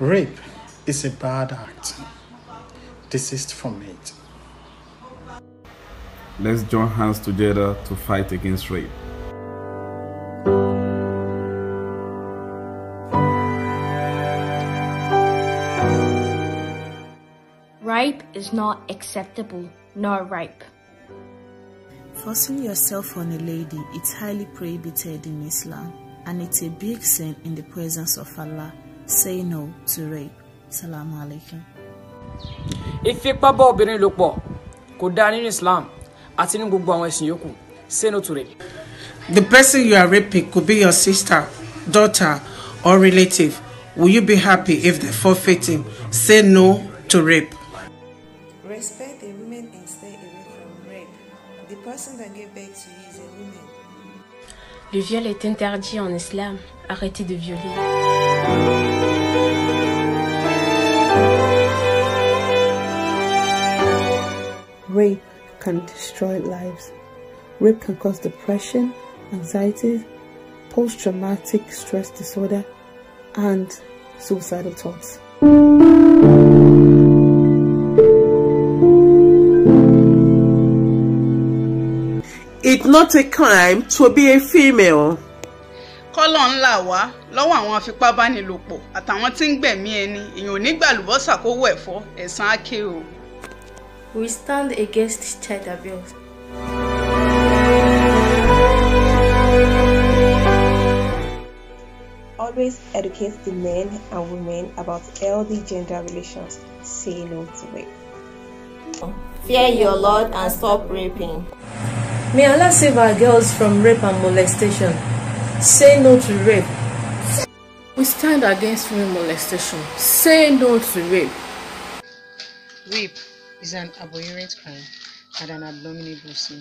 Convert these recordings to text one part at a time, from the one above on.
Rape is a bad act. Desist from it. Let's join hands together to fight against rape. Rape is not acceptable. No rape. Forcing yourself on a lady is highly prohibited in Islam and it's a big sin in the presence of Allah. Say no to rape. Salaam alaikum. Ìfipá bá obìnrin lò pọ̀ kò dáa nínú Islam àti ní gbogbo àwọn ẹ̀sìn yòókù. Say no to rape. The person you are raping could be your sister, daughter, or relative. Will you be happy if they forfeit him? Say no to rape. Respect the person that gave birth to you is a woman. Le viol est interdit en islam. Arrêtez de violer. Rape can destroy lives. Rape can cause depression, anxiety, post traumatic stress disorder, and suicidal thoughts. it's not a crime to be a female. kọ́lọ̀ ńlá wá lọ́wọ́ àwọn afipábánilòpọ̀ àtàwọn tí ń gbẹ̀mí ẹni èèyàn ò ní kó wẹ̀ fọ́ ẹ̀sán ákè o. We stand against child abuse. Always educate the men and women about healthy gender relations. Say no to it. Fear your Lord and stop raping. May Allah save our girls from rape and molestation. Say no to rape. We stand against rape molestation. Say no to rape. Rape is an abhorrent crime and an abominable sin.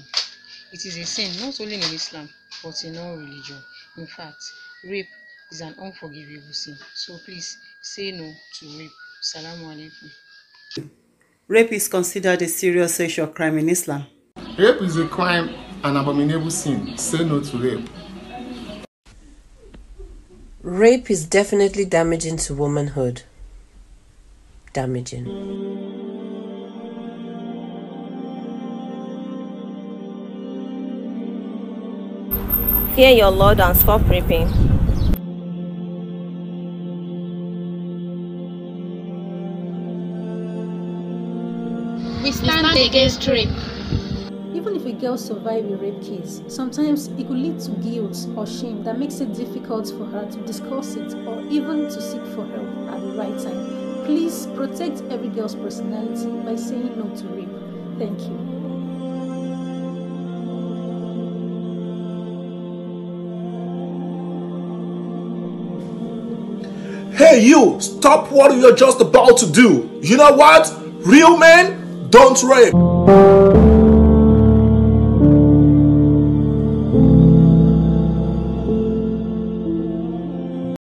It is a sin not only in Islam but in all religion. In fact, rape is an unforgivable sin. So please say no to rape. Salamu alaikum. Rape is considered a serious sexual crime in Islam. Rape is a crime an abominable sin. Say no to rape. Rape is definitely damaging to womanhood. Damaging. Fear your Lord and stop raping. We stand against rape the girl survive a rape case, sometimes it could lead to guilt or shame that makes it difficult for her to discuss it or even to seek for help at the right time. Please protect every girl's personality by saying no to rape. Thank you. Hey, you, stop what you're just about to do. You know what? Real men don't rape.